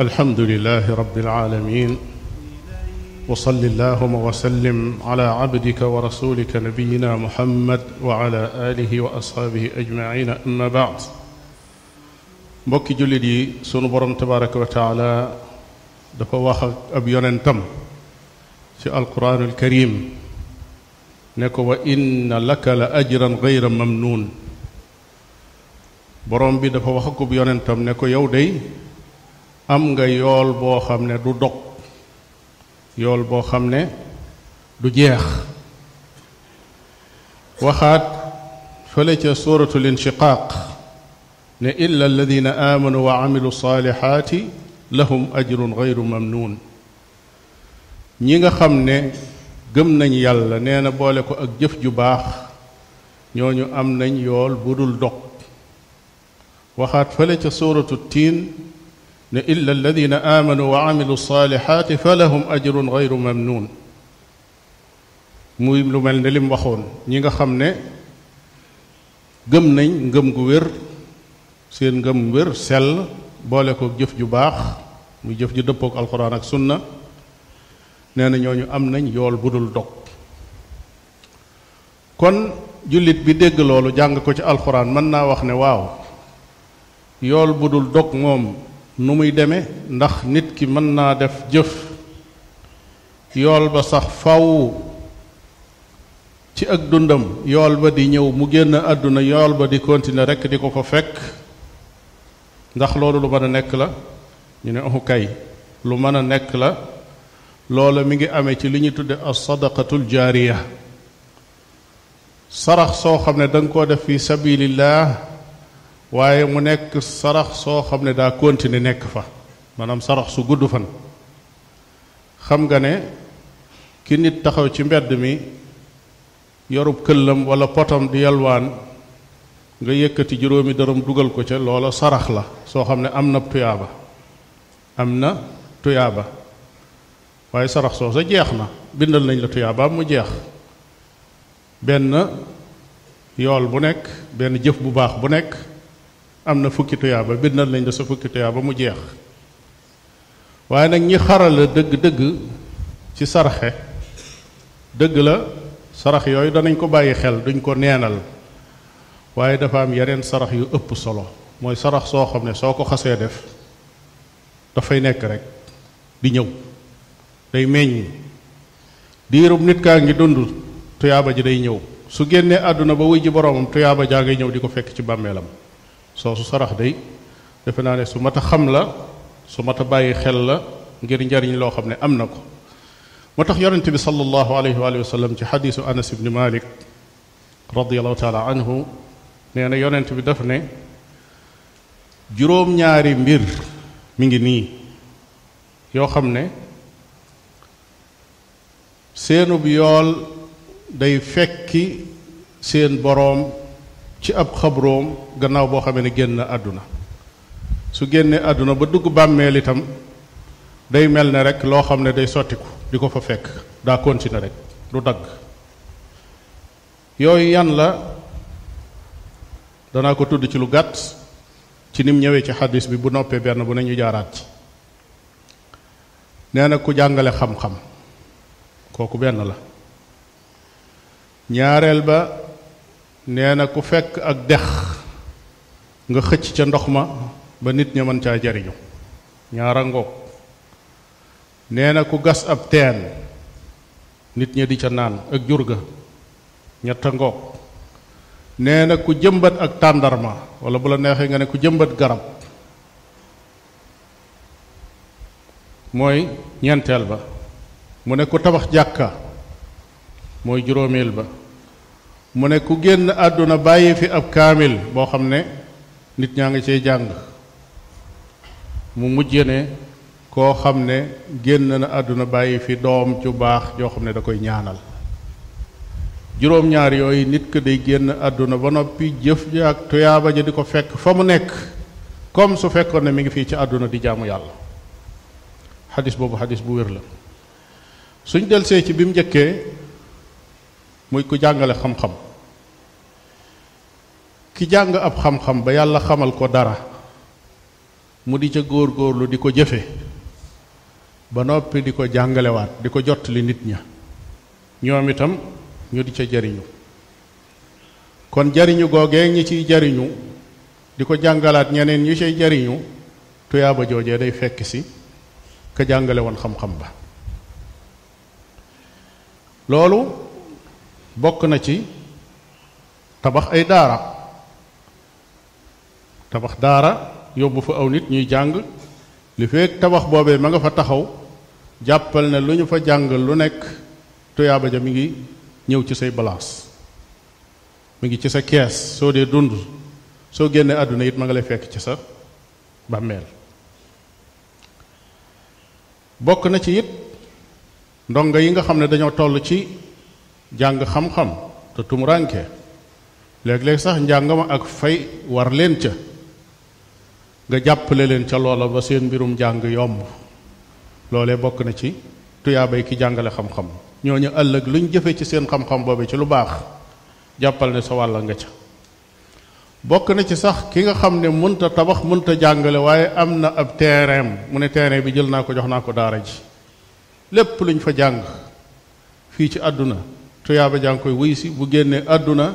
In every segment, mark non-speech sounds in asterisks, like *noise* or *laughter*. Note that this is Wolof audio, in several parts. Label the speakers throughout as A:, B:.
A: الحمد لله رب العالمين وصل اللهم وسلم على عبدك ورسولك نبينا محمد وعلى اله واصحابه اجمعين اما بعد مكي جلدي سونو بروم تبارك وتعالى دفا واخ اب يونتم في القران الكريم نكو وان لك لاجرا غير ممنون بروم بي دفا واخ اب يونتم نكو يوم دي am nga yool boo xam ne du dog yool boo xam ne du jeex waxaat fële ca suratul inshiqaq ne illa alladina amanu wa amilu salihati lahum ajrun gayru mamnun ñi nga xam ne gëm nañ yàlla nee na boole ko ak jëf ju baax ñooñu am nañ yool bu dul dog waxaat fële ca suratu tiin إلا الذين آمنوا وعملوا الصالحات فلهم أجر غير ممنون مهم لو مل نلم وخون نيغا خامن گم نين گم گو وير سين گم وير سل بوليكو جف جو باخ مي جف جو دپوك القران اك سنة نانا ньо ญ و ام نين يول بودول دوك كون جوليت بي لولو جانگ كو القران من نا واو يول بودول دوك موم nu muy demee ndax nit ki mën naa def jëf yool ba sax faw ci ak dundam yool ba di ñëw mu génn àdduna yool ba di continuer rekk di ko fa fekk ndax loolu lu mën a nekk la ñu ne ahu oh kay lu mën a nekk la loola mi ngi amee ci li ñu tudde as sadaqatul jaariya sarax soo xam ne da nga koo def fi sabilillah waaye mu nekk sarax soo xam ne daa continuer nekk fa maanaam sarax su gudd fan xam nga ne ki nit taxaw ci mbedd mi yorub këllam wala potam di yalwaan nga yëkkati juróomi dërëm dugal ko ca loola sarax la soo xam ne am na tuyaaba am na tuyaaba waaye sarax soo sa jeex na bindal nañ la tuyaabaam mu jeex benn yool bu nekk benn jëf bu baax bu nekk am na fukki tuyaaba bindal nañ la sa fukki tuyaaba mu jeex waaye nag ñi xarala dëgg-dëgg ci saraxe dëgg la sarax yooyu danañ ko bàyyi xel duñ ko neenal waaye dafa am yeneen sarax yu ëpp solo mooy sarax soo xam ne soo ko xasee def dafay nekk rek di ñëw day meññ diirub nit kaa ngi dund tuyaaba ji day ñëw su génnee àdduna ba wuy ji boroomam tuyaaba jaa ngay ñëw di ko fekk ci bàmmeelam soo su sarax day defe naa ne su mat a xam la su mat a bàyyi xel la ngir njariñ loo xam ne am na ko moo tax yonente bi sallallahu alayhi wa sallam ci xadiisu anas ibni malik radiallahu taala anhu nee na yonent bi dafa ne juróom-ñaari mbir mi ngi nii yoo xam ne seenub yool day fekki seen boroom ci ab xabroom gannaaw boo xamee ne génn àdduna su génnee àdduna ba dugg bàmmeel itam day mel ne rek loo xam ne day sottiku di ko fa fekk daa continuer rek du dagg yooyu yan la danaa ko tudd ci lu gàtt ci nim ñëwee ci xaddis bi bu noppee benn bu ne ñu jaaraat ci nee na ku jàngale xam-xam kooku benn la ñaareel ba nee na ku fekk ak dex nga xëcc ca ndox ma ba nit ña mën caa jariñu ñaara ngoog nee na ku gas ab teen nit ña di ca naan ak jur ga ñetta ngoog nee na ku jëmbat ak tàndarma wala bu la neexee nga ne ku jëmbat garab mooy ñeenteel ba mu ne ku tabax jàkka mooy juróomeel ba mu ne ku génn àdduna bàyyi fi ab kaamil boo xam ne nit ñaa ngi cay jàng mu ne koo xam ne génn na àdduna bàyyi fi dom ju baax joo xam ne da koy ñaanal juróom ñaar yooyu nit ka day génn àdduna ba noppi jëf ji ak tuyaaba ji di ko fekk fa mu nekk comme su fekkoon ne mi ngi fii ci àdduna di jaamu yàlla xadis boobu xadis bu wér la suñ delsee ci bi mu njëkkee muy ku jàngale xam-xam ki jang ab xam-xam ba yalla xamal ko dara mu di ca gor gor lu ko jeffe. ba nopi diko jangale wat diko ko jottali nit ña ñom itam ñu di ca jariñu kon jariñu goge ñi ci jariñu diko jangalat ñeneen ñu cay jariñu ba day fekk ci ka jangale won xam-xam ba lolu bok na ci tabax ay daara tabax daara yóbbu fa aw nit ñuy jàng li feek tabax boobee ma nga fa taxaw jàppal ne lu ñu fa jàng lu nekk tuyaaba ja mi ngi ñëw ci say balance mu ngi ci sa kees soo dee dund soo génnee àdduna yit ma nga lay fekk ci sa bàmmeel bokk na ci it ndongo yi nga xam ne dañoo toll ci jàng xam-xam te tumuraanke léeg-léeg sax njàng ma ak fay war leen ca nga jàppale leen ca loola ba seen mbirum jàng yomb loolee bokk na ci tuyaabay ki jàngale xam-xam ñooñu ëllëg luñ jëfe ci seen xam-xam boobu ci lu baax jàppal ne sa wàll nga ca bokk na ci sax ki nga xam ne mënta tabax mënta jàngale waaye am na ab terrain mu ne terrain bi jël naa ko jox naa ko daara ji lépp luñ fa jàng fii ci àdduna tuyaaba jàng koy wuy si bu génnee àdduna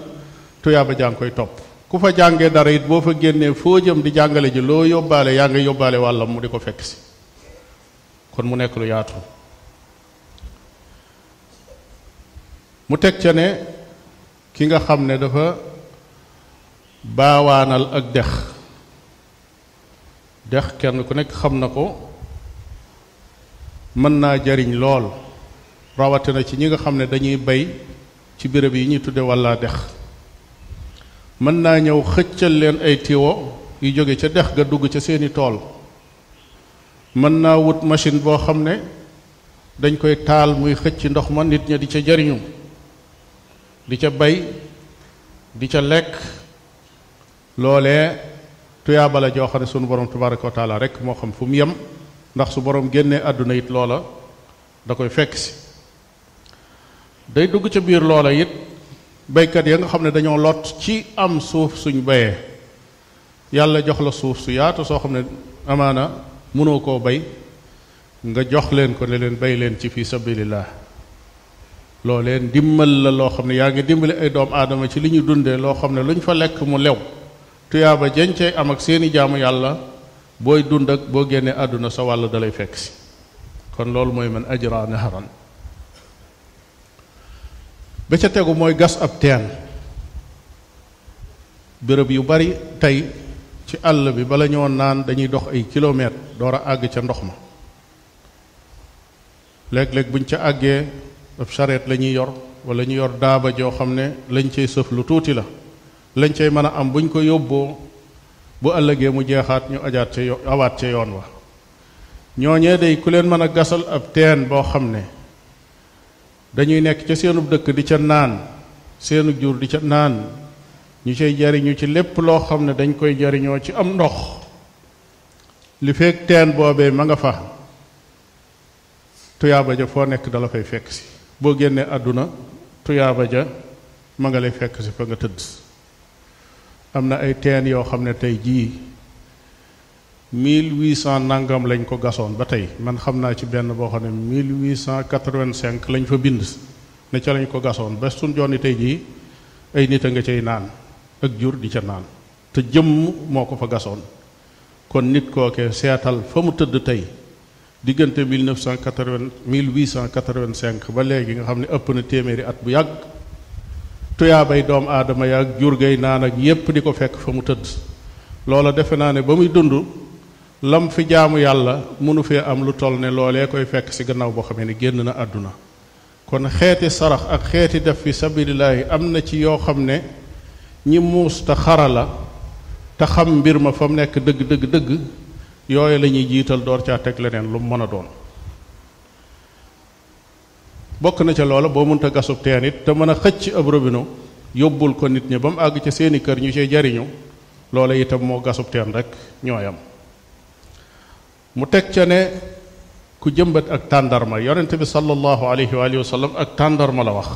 A: tuyaaba jàng koy topp ku fa jàngee dara it boo fa génnee foo jëm di jàngale ji loo yóbbaale yaa ngi yóbbaale wàllam mu di ko fekk si kon mu nekk lu yaatu mu teg ca ne ki nga xam ne dafa baawaanal ak dex dex kenn ku nekk xam na ko mën naa jariñ lool rawatina ci ñi nga xam ne dañuy bay ci béréb yi ñuy tudde walla dex mën naa ñëw xëccal leen ay tiwo yu jóge ca dex ga dugg ca seeni tool mën naa wut machine boo xam ne dañ koy taal muy xëcc ndox ma nit ña di ca jariñu di ca bay di ca lekk loolee tuyaaba la joo xam ne sunu borom tabaraka wa taala rek moo xam fu mu yem ndax su borom génnee àdduna yit loola da koy fekk si day dugg ca biir loola yit baykat ya nga xam ne dañoo lot ci am suuf suñu bayee yàlla jox la suuf su yaatu soo xam ne amaana mënoo koo bay nga jox leen ko ne leen bay leen ci fi sabilillah loo leen dimbal la loo xam ne yaa ngi dimbali ay doom aadama ci li ñu dundee loo xam ne lu ñu fa lekk mu lew tuyaaba jencee am ak seeni jaamu yàlla booy dund ak boo génnee àdduna sa wàll dalay fekk si kon loolu mooy man ajra naharan ba ca tegu mooy gas ab teen béréb yu bari tey ci àll bi bala ñoo naan dañuy dox ay kilomètres door a àgg ca ndox ma léeg-léeg buñ ca àggee ab charrette la yor wala ñu yor daaba joo xam ne lañ cay sëf lu tuuti la lañ cay mën a am buñ ko yóbboo bu ëllëgee mu jeexaat ñu ajaat ca awaat ca yoon wa ñooñee day ku leen mën a gasal ab teen boo xam ne dañuy nekk ca seenub dëkk di ca naan seenu jur di ca naan ñu cay jariñu ci lépp loo xam ne dañ koy jariñoo ci am ndox li fekk teen boobee ma nga fa tuyaaba ja foo nekk dala fay fekk si boo génnee àdduna tuyaaba ja ma nga lay fekk si fa nga tëdd am na ay teen yoo xam ne tey jii mille huit cent nangam lañ ko gasoon ba tey man xam naa ci benn boo xam ne mille huit cent quatre-vingt-cinq fa bind ne ca lañ ko gasoon ba suñ jooni tey jii ay nit a nga cay naan ak jur di ca naan te jëmm moo ko fa gasoon kon nit kooke seetal fa mu tëdd tey diggante mille neuf mille huit cent quatre-vingt-cinq ba léegi nga xam ne ëpp na téeméeri at bu yàgg tuyaabay doomu aadama yaag jur gay naan ak yépp di ko fekk fa mu tëdd loola defe naa ne ba muy dund lam fi jaamu yàlla mënu fee am lu toll ne loolee koy fekk si gannaaw boo xamee ne génn na àdduna kon xeeti sarax ak xeeti def fi sabilillaahi am na ci yoo xam ne ñi muus te xara la te xam mbir ma fa mu nekk dëgg dëgg dëgg yooyu lañuy jiital door caa teg leneen lu mën a doon bokk na ca loola boo mënta gasub teen it te mën a xëcc ab robinet yóbbul ko nit ñi ba mu àgg ca seeni kër ñu cee jariñu loola itam moo gasub teen rekk ñooyam mu teg ca ne ku jëmbat ak tàndarma yonente bi sallallahu alayhi wa alihi wa sallam ak tàndarma la wax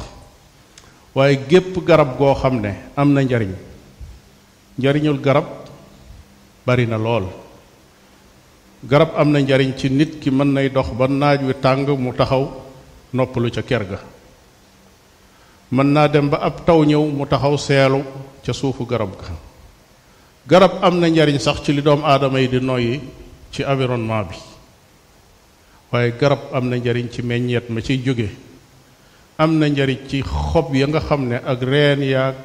A: waaye gépp garab goo xam ne am na njariñ njariñul garab bari na lool garab am na njariñ ci nit ki mën nay dox ba naaj wi tàng mu taxaw noppalu ca kër ga mën naa dem ba ab taw ñëw mu taxaw seelu ca suufu garab ga garab am na njariñ sax ci li doom aadama yi di noyyi ci environnement bi waaye garab am na njariñ ci meññeet ma ciy jóge am na njariñ ci xob ya nga xam ne ak reen ya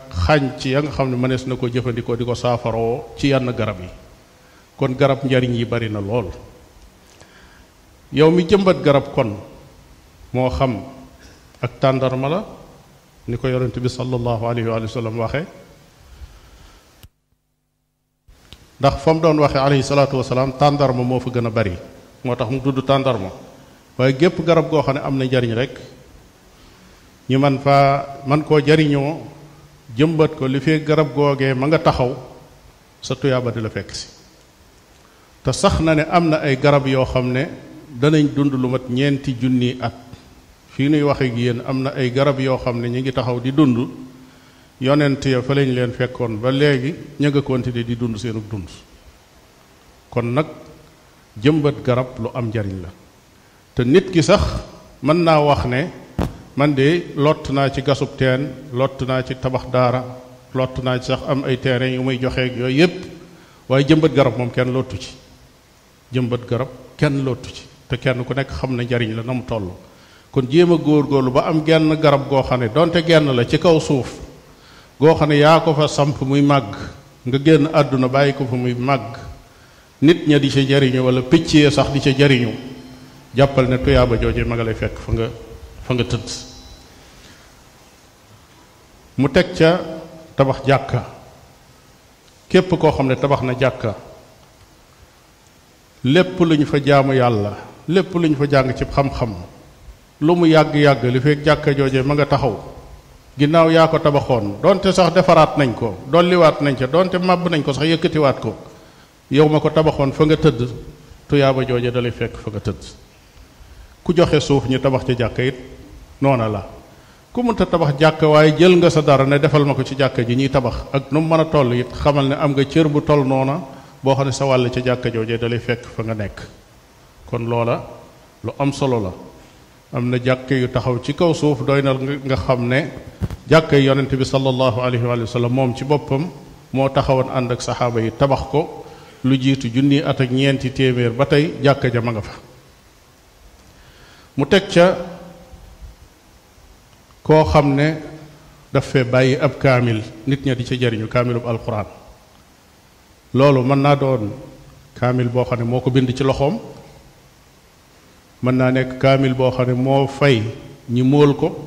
A: ci ya nga xam ne mënees na ko jëfandikoo di ko saafaroo ci yenn garab yi kon garab njariñ yi bari na lool yow mi jëmbat garab kon moo xam ak tàndarma la ni ko wali bi sallallahu alayhi wa sallam waxee ndax fam doon waxe alayhi salaatu salam tandarma mo fa gëna bari motax mu tuddu tandarma waye gep garab go xamne ne am rek ñu man fa man ko jariño jëmbat ko li fe garab goge ma nga taxaw sa tuyaba di fekk na ne amna ay garab yo xamne ne danañ dund lu mat ñenti junni at fi ñuy waxe gi yeen am ay garab yo xamne ne ngi taxaw di dund yonent ya fa lañ leen fekkoon ba léegi ña di dund seenug dund kon nag jëmbat garab lu am njariñ la te nit ki sax mën naa wax ne man de lott naa ci gasub teen lott naa ci tabax daara lott naa ci sax am ay terrain yu muy joxee yooyu yépp waaye jëmbat garab moom kenn lottu ci jëmbat garab kenn lottu ci te kenn ku nekk xam na njariñ la na mu toll kon jéem a góorlu ba am genn garab goo xam ne donte genn la ci kaw suuf goo xam ne yaa ko fa samp muy màgg nga génn àdduna bàyyi ko fa muy màgg nit ña di ca jariñu wala picc ya sax di ca jariñu jàppal na tuyaaba jooje ma nga lay fekk fa nga fa nga tëdd mu teg ca tabax jàkka képp koo xam ne tabax na jàkka lépp lu ñu fa jaamu yàlla lépp lu ñu fa jàng ci xam-xam lu mu yàgg-yàgg li fekk jàkka jooje ma nga taxaw ginnaaw yaa ko tabaxoon donte sax defaraat nañ ko dolliwaat nañ ca donte màbb nañ ko sax yëkkatiwaat ko yow ma ko tabaxoon fa nga tëdd tuyaaba jooje dalay fekk fa nga tëdd ku joxe suuf ñu tabax ci jàkka it noona la ku mënta tabax jàkka waaye jël nga sa dara ne defal ma ko ci jàkka ji ñuy tabax ak nu mu mën a toll it xamal ne am nga cër bu toll noona boo xam ne sa wàll ca jàkka jooje dalay fekk fa nga nekk kon loola lu am solo la am na jàkka yu taxaw ci kaw suuf doy xam ne jàkka yonent bi sallallahu alayhi wa sallam moom ci boppam moo taxawoon ànd ak saxaaba yi tabax ko lu jiitu junni at ak ñeenti téeméer ba tey jàkka ja ma nga fa mu teg ca koo xam ne daf fee bàyyi ab kaamil nit ña di ca jariñu kaamilub alxuraan loolu mën naa doon kaamil boo xam ne moo ko bind ci loxoom mën naa nekk kaamil boo xam ne moo fay ñi móol ko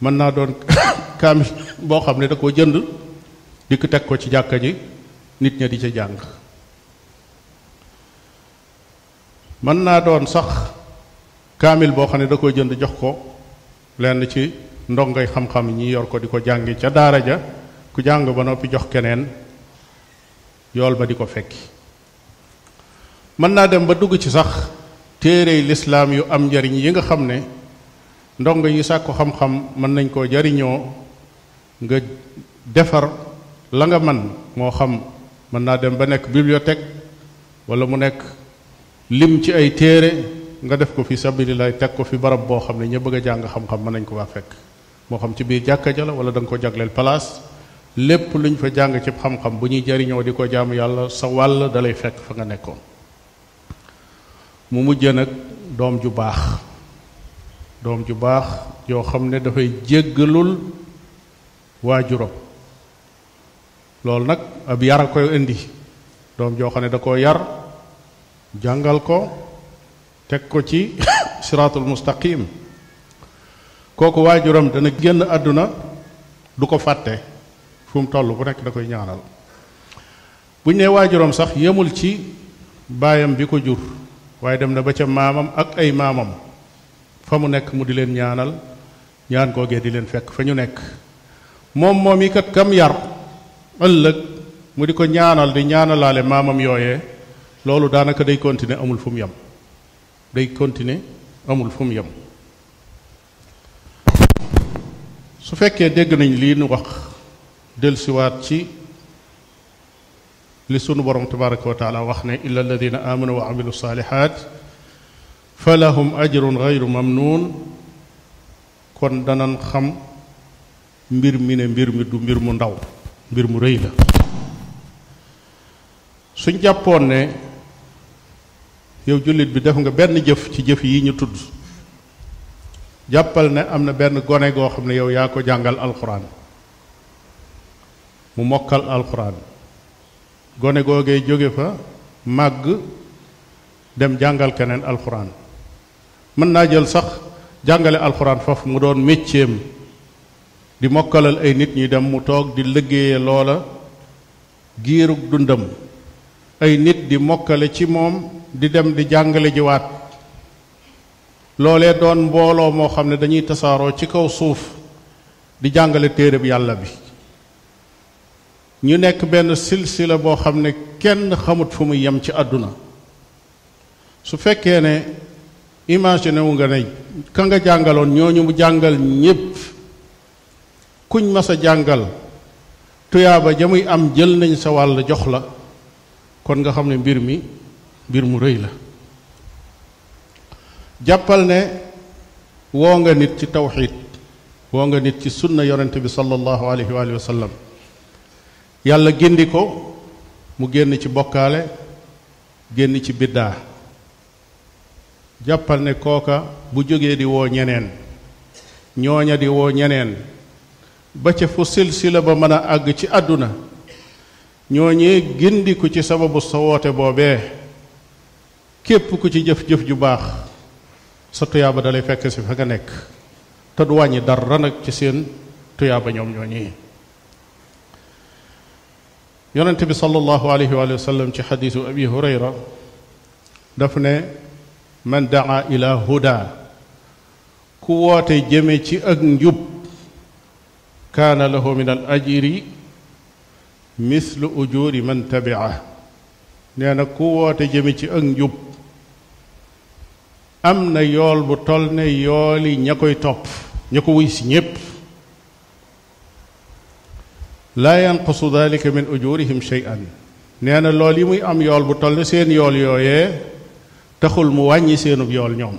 A: mën naa doon kaamil boo xam ne da koo jënd ko teg ko ci jàkka ji nit ña di ca jàng mën naa doon sax kaamil boo xam ne da koo jënd jox ko lenn ci ndongay xam-xam ñi yor ko di ko jàngi ca daara ja ku jàng ba noppi jox keneen yool ba di ko fekki mën naa dem ba dugg ci sax téerey lislaam yu am njariñ yi nga xam ne ndong yi hamham xam-xam man nañ ko jariño nga defar la nga man mo xam man na dem ba nek bibliothèque wala mu nek lim ci ay téré nga def ko fi sabilillah tek ko fi barab bo xam ne bëgg jang xam-xam man nañ ko wa fekk mo xam ci biir jakka jala wala dang ko jagleel place lepp luñ fa jang ci xam-xam bu ñuy jariño diko jaamu yalla sa wal dalay fekk fa nga nekkon mu mujjé nak dom ju bax doom ju baax yoo xam ne dafay jéggalul waajuram loolu nag ab yara koy indi doom joo xam ne da koo yar jàngal ko teg ko ci *coughs* siratul mustaqim kooku waajuram dana génn àdduna du ko fàtte fu mu toll bu nekk da koy ñaanal bu ne waajuram sax yemul ci baayam bi ko jur waaye dem na ba ca maamam ak ay maamam fa mu nekk mu di leen ñaanal ñaan googee di leen fekk fa ñu nekk moom moom yi kat kam yar ëllëg mu di ko ñaanal di ñaanalaale maamam yooyee loolu daanaka day continuer amul fu mu yem day continuer amul fu mu yem su fekkee dégg nañ lii nu wax delsiwaat ci li sunu borom tabaraka wa taala wax ne illa alladina amanu wa amilu salihat falahum ajrun ghayru mamnun kon danan xam mbir mi ne mbir mi du mbir mu ndaw mbir mu reey la suñ jàppoon ne yow jullit bi def nga benn jëf ci jëf yi ñu tudd jàppal ne am na benn gone goo xam ne yow yaa ko jàngal alquran mu mokkal alquran gone googee jóge fa màgg dem jàngal keneen alquran mën naa jël sax jàngale alxuraan foofu mu doon mécceem di mokkalal ay nit ñuy dem mu toog di liggéeye loola giirug dundam ay nit di mokkale ci moom di dem di jàngale jiwaat loolee doon mbooloo moo xam ne dañuy tasaaroo ci kaw suuf di jàngale téere bi yàlla bi ñu nekk benn silsila boo xam ne kenn xamut fu mu yem ci àdduna su fekkee ne imaginer wu nga ne ka nga jàngaloon ñooñu mu jàngal ñépp kuñ mas a jàngal tuyaaba ja muy am jël nañ sa wàll jox la kon nga xam ne mbir mi mbir mu rëy la jàppal ne woo nga nit ci tawxiid woo nga nit ci sunna yonent bi sallallahu alayhi wa sallam yàlla gindi ko mu génn ci bokkaale génn ci biddaa jàppal ne kooka bu jógee di woo ñeneen ñooña di woo ñeneen ba ca fu silsila ba mën a àgg ci àdduna ñooñee gindiku ci sababu sa woote boobee képp ku ci jëf-jëf ju baax sa tuyaaba dalay fekk si fa nga nekk te du wàññi dara nag ci seen tuyaaba ñoom ñooñi yonente bi sallallahu alayhi wa sallam ci xadiisu abi hurayra daf ne من دعا الى هدى كواتي جميتي اغنجب كان له من الاجر مثل اجور من تبعه نانا كواتي جميتي اغنجب امنا يول بطلنا يولي نيكوي توب نيكوي سنيب لا ينقص ذلك من اجورهم شيئا نانا لولي مي ام يول بطلنا سين يول يويه taxul mu wàññi seenub yool ñoom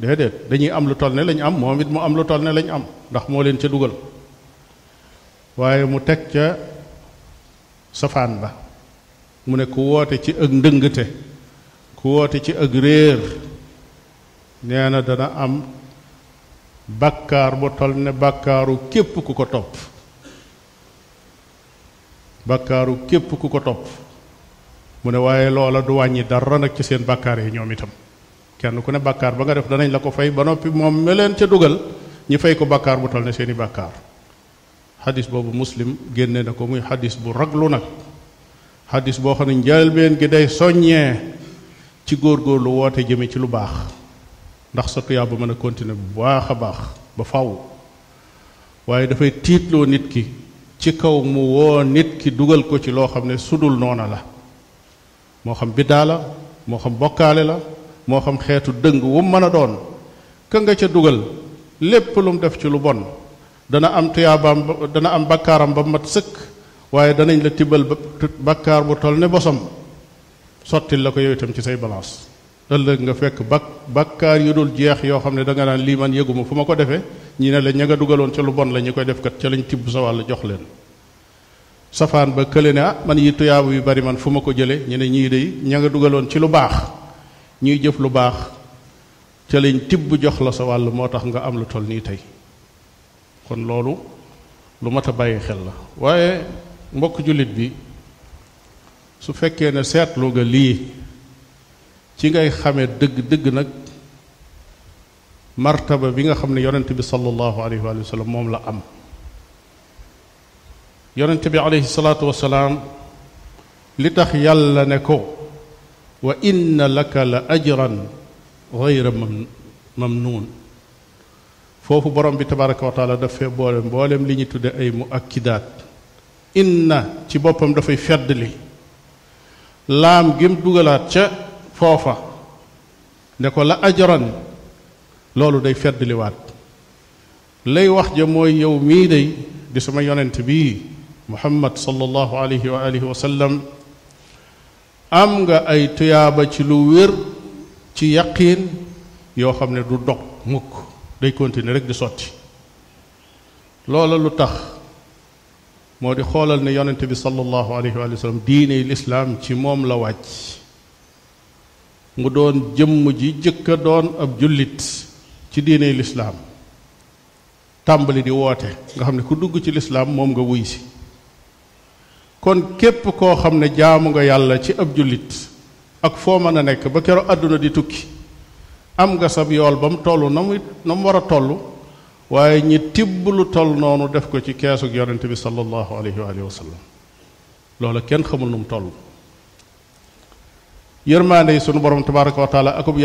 A: déedéet dañuy am lu toll ne lañu am moom it mu am lu toll ne lañu am ndax moo leen ca dugal waaye mu teg ca sofaan ba mu ne ku woote ci ak ndëngte ku woote ci ak réer nee dana am bàkkaar bu toll ne bàkkaaru képp ku ko topp bàkkaaru képp ku ko topp mu ne waaye loola du wàññi dara nag ci seen bàkkaar yi ñoom itam kenn ku ne bàkkaar ba nga def danañ la ko fay ba noppi moom meleen ca dugal ñi fay ko bàkkaar bu toll ne seeni bàkkaar xadis boobu muslim génne na ko muy xadis bu raglu nag xadis boo xam ne njëlbeen gi day soññee ci góor góorgóorlu woote jëme ci lu baax ndax sa tuyaaba mën a continuer bu baax a baax ba faw waaye dafay tiitloo nit ki ci kaw mu woo nit ki dugal ko ci loo xam ne sudul noona la moo xam biddaa la moo xam bokkaale la moo xam xeetu dëng wum ma a doon ka nga ca dugal lépp lu def ci lu bon dana am tuyaabaam dana am bakkaaram ba mat sëkk waaye danañ la tibbal bakkaar bu toll ne bosam sottil la ko yow itam ci say balance ëllëg nga fekk bak bakkaar yu dul jeex yoo xam ne danga naan lii man yëguma fu ma ko defee ñi ne la ña nga dugaloon ca lu bon la ñi koy def kat ca lañ tibb sa wàll jox leen safaan ba kële ne ah man yi tuyaabu yu bari man fu ma ko jële ñu ne ñii de ña ngi dugaloon ci lu baax ñuy jëf lu baax ca lañ tibb jox la sa wàll moo tax nga am lu toll nii tey kon loolu lu mat a bàyyi xel la waaye mbokk jullit bi su fekkee ne seetlu nga lii ci ngay xame dëgg dëgg nag martaba bi nga xam ne yonent bi sallallahu alayhi wa sallam moom la am yonent bi alayhi salaatu wasalaam li tax yàlla ne ko wa inna laka la ajran gayra mamnuun foofu borom bi tabaraka wa taala daf fee boole mboolem li ñu tudde ay mu akkidaat inna ci boppam dafay fedd li laam gim dugalaat ca foofa ne ko la ajran loolu day fedd liwaat lay wax ja mooy yow mii day di sama yonent bii محمد صلى الله عليه وآله وسلم أم أي تيابة لوير تي يقين يو خم ندودوك موك دي كنت نرق دي صوتي لولا لطخ مودي خولل نيون انتبه صلى الله عليه وآله وسلم دين الإسلام تي موم لواج مدون جم جي جك دون أب جلت تي دين الإسلام تامبلي دي واتي غامل كدوك تي الإسلام موم غويسي kon képp koo xam ne jaamu nga yàlla ci ab jullit ak foo mën a nekk ba kero àdduna di tukki am nga sab yool ba mu toll na muy na mu war a toll waaye ñi tibb lu toll noonu def ko ci keesug yonente bi sallallahu alayhi wa sallam loola kenn xamul nu mu toll yërmaande yi sunu borom tabaraka wa taala akub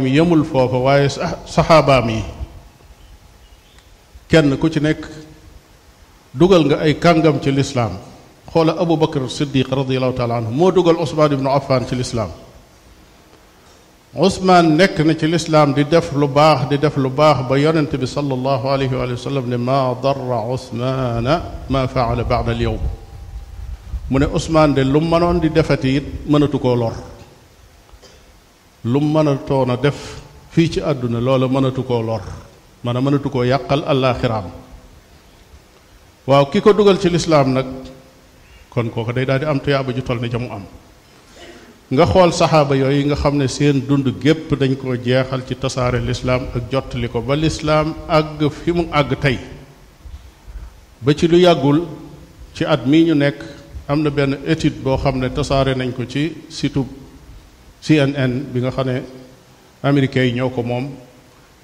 A: mi yemul foofa waaye saxaabaam yi kenn ku ci nekk dugal nga ay kàngam ci lislaam xoola abou bakar siddiq radiallahu taala anhu moo dugal ousmaan ibnu affan ci lislaam ousmaan nekk na ci lislaam di def lu baax di def lu baax ba yonent bi salallahu alayhi wa sallam ne maa darra ousmaana maa faala baada al yowm mu ne ousmaan de lu mënoon di defati it mënatu koo lor lu mënatoon a def fii ci àdduna loola mënatu koo lor maanaam mënatu koo yàqal àllaaxiraam waaw ki ko dugal ci lislaam nag kon kooku day daal di am tuyaaba ju toll na jamu am nga xool saxaaba yooyu nga xam ne seen dund gépp dañ ko jeexal ci tasaare lislaam ak jottali ko ba lislaam àgg fi mu àgg tey ba ci lu yàggul ci at mii ñu nekk am na benn étude boo xam ne tasaare nañ ko ci site CNN bi nga xam ne américains yi ñoo ko moom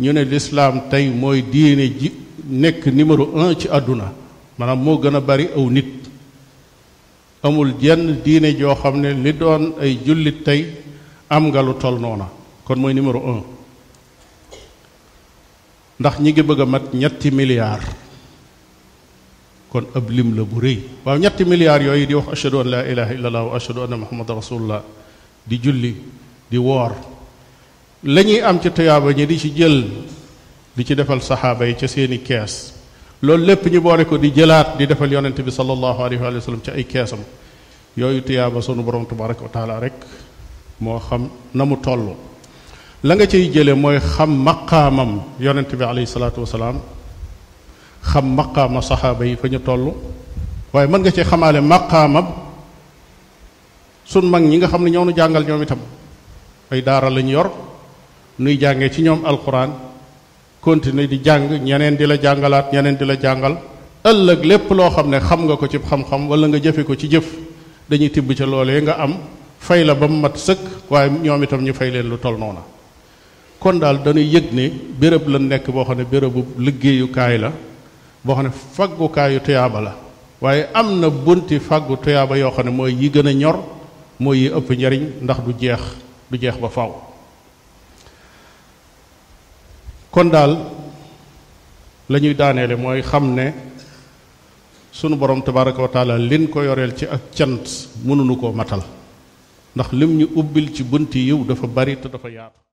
A: ñu ne lislaam tey mooy diine ji nekk numéro un ci àdduna maanaam moo gën a bari aw nit amul jenn diine joo xam ne li doon ay jullit tey am nga lu toll noona kon mooy numéro un ndax ñi ngi bëgg a mat ñetti milliards kon ab lim la bu rëy waaw ñetti milliards yooyu di wax ashadu an laa ilaha illallah wa ashadu anna muhammad di julli di woor la am ci tuyaaba ñi di ci jël di ci defal saxaaba yi ca seeni kees loolu lépp ñu boole ko di jëlaat di defal yonente bi sallallahu alayhi wa sallam ci ay keesam yooyu tuyaaba sunu borom tabaraka wa taala rek moo xam na mu toll la nga ciy jële mooy xam maqaamam yonente bi alayhi salaatu salaam xam maqaama saxaaba yi fa ñu toll waaye mën nga cee xamaale maqaamam sun mag ñi nga xam ne ñoo nu jàngal ñoom itam ay daara lañ yor nuy jàngee ci ñoom alquran continuer di jàng ñeneen di la jàngalaat ñeneen di la jàngal ëllëg lépp loo xam ne xam nga ko ci xam-xam wala nga jëfe ko ci jëf dañuy tibb ca loole nga am fay la ba mu mat sëkk waaye ñoom itam ñu fay leen lu tol noona kon daal dañuy yëg ne béréb la nekk boo xam ne bérébu liggéeyukaay la boo xam ne faggukaayu tuyaaba la waaye am na bunti faggu tuyaaba yoo xam ne mooy yi gën a ñor mooy yi ëpp njariñ ndax du jeex du jeex ba faw kon daal la ñuy daaneele mooy xam ne sunu borom tabaraka wa taala lin ko yoreel ci ak cant mënuñu koo matal ndax lim ñu ubbil ci bunt yiw dafa bari te dafa yaatu